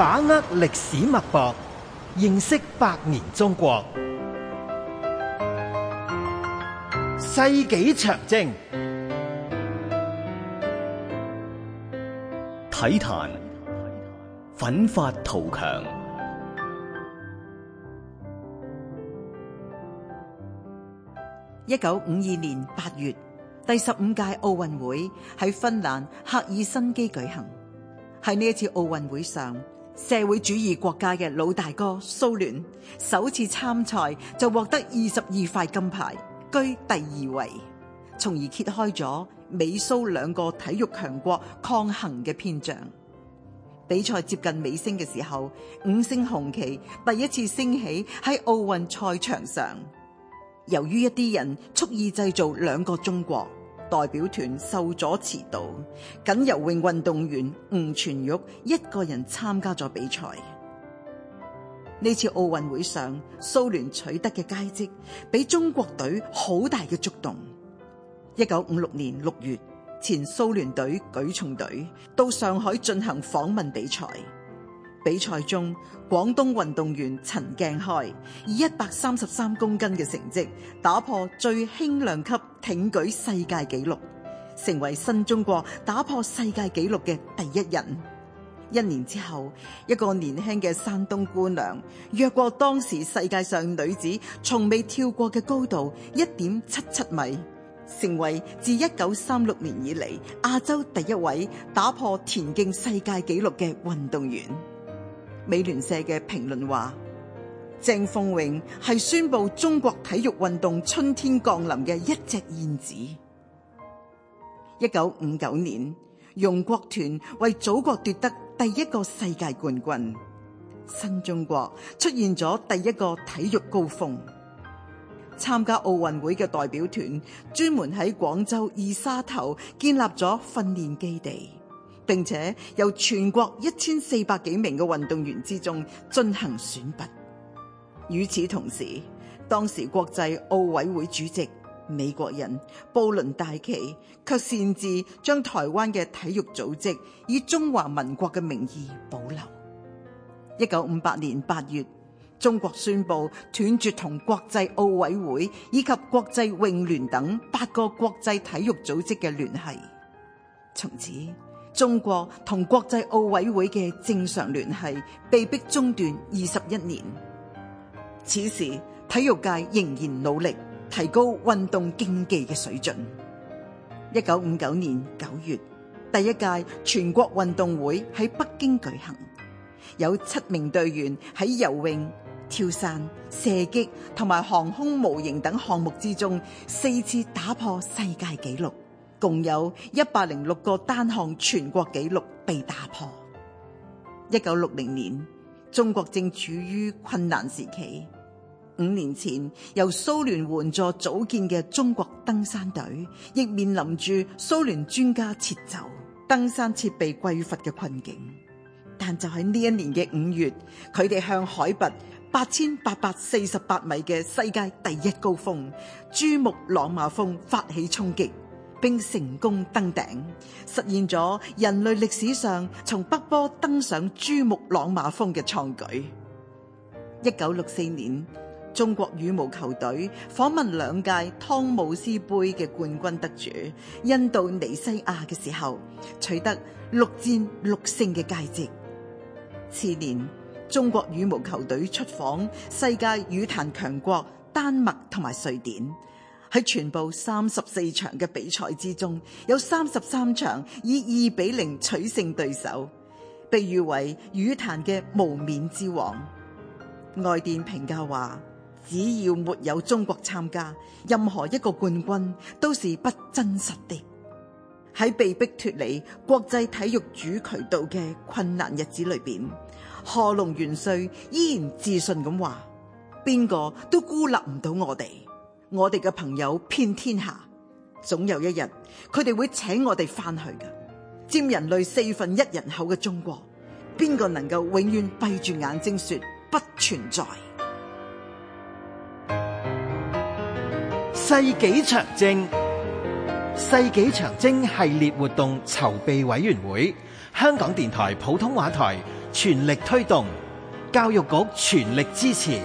把握歷史脈搏，認識百年中國。世紀長征，體壇奮發圖強。一九五二年八月，第十五屆奧運會喺芬蘭赫爾辛基舉行。喺呢一次奧運會上。社會主義國家嘅老大哥蘇聯首次參賽就獲得二十二塊金牌，居第二位，從而揭開咗美蘇兩個體育強國抗衡嘅篇章。比賽接近尾聲嘅時候，五星紅旗第一次升起喺奧運賽場上，由於一啲人蓄意製造兩個中國。代表團受阻遲到，僅游泳運動員吳傳玉一個人參加咗比賽。呢次奧運會上，蘇聯取得嘅佳績俾中國隊好大嘅觸動。一九五六年六月，前蘇聯隊舉重隊到上海進行訪問比賽。比賽中，廣東運動員陳鏡開以一百三十三公斤嘅成績打破最輕量級挺舉世界紀錄，成為新中國打破世界紀錄嘅第一人。一年之後，一個年輕嘅山東姑娘躍過當時世界上女子從未跳過嘅高度一點七七米，成為自一九三六年以嚟亞洲第一位打破田徑世界紀錄嘅運動員。美聯社嘅評論話：鄭鳳榮係宣布中國體育運動春天降臨嘅一隻燕子。一九五九年，容國團為祖國奪得第一個世界冠軍，新中國出現咗第一個體育高峰。參加奧運會嘅代表團專門喺廣州二沙頭建立咗訓練基地。並且由全國一千四百幾名嘅運動員之中進行選拔。與此同時，當時國際奧委會主席美國人布倫戴奇却擅自將台灣嘅體育組織以中華民國嘅名義保留。一九五八年八月，中國宣布斷絕同國際奧委會以及國際泳聯等八個國際體育組織嘅聯繫，從此，中國同國際奧委會嘅正常聯繫被迫中斷二十一年。此時，體育界仍然努力提高運動競技嘅水準。一九五九年九月，第一屆全國運動會喺北京舉行，有七名隊員喺游泳、跳傘、射擊同埋航空模型等項目之中四次打破世界紀錄。共有一百零六個單項全國紀錄被打破。一九六零年，中國正處於困難時期。五年前，由蘇聯援助組建嘅中國登山隊，亦面臨住蘇聯專家撤走、登山設備匱乏嘅困境。但就喺呢一年嘅五月，佢哋向海拔八千八百四十八米嘅世界第一高峰珠穆朗瑪峰發起衝擊。並成功登頂，實現咗人類歷史上從北坡登上珠穆朗瑪峰嘅創舉。一九六四年，中國羽毛球隊訪問兩屆湯姆斯盃嘅冠軍得主印度尼西亞嘅時候，取得六戰六勝嘅佳績。次年，中國羽毛球隊出訪世界羽壇強國丹麥同埋瑞典。喺全部三十四場嘅比賽之中，有三十三場以二比零取勝對手，被譽為羽壇嘅無冕之王。外電評價話：只要沒有中國參加，任何一個冠軍都是不真實的。喺被迫脫離國際體育主渠道嘅困難日子裏邊，賀龍元帥依然自信咁話：邊個都孤立唔到我哋。我哋嘅朋友遍天下，總有一日，佢哋會請我哋翻去㗎。佔人類四分一人口嘅中國，邊個能夠永遠閉住眼睛說不存在？世紀長征，世紀長征系列活動籌備委員會，香港電台普通話台全力推動，教育局全力支持。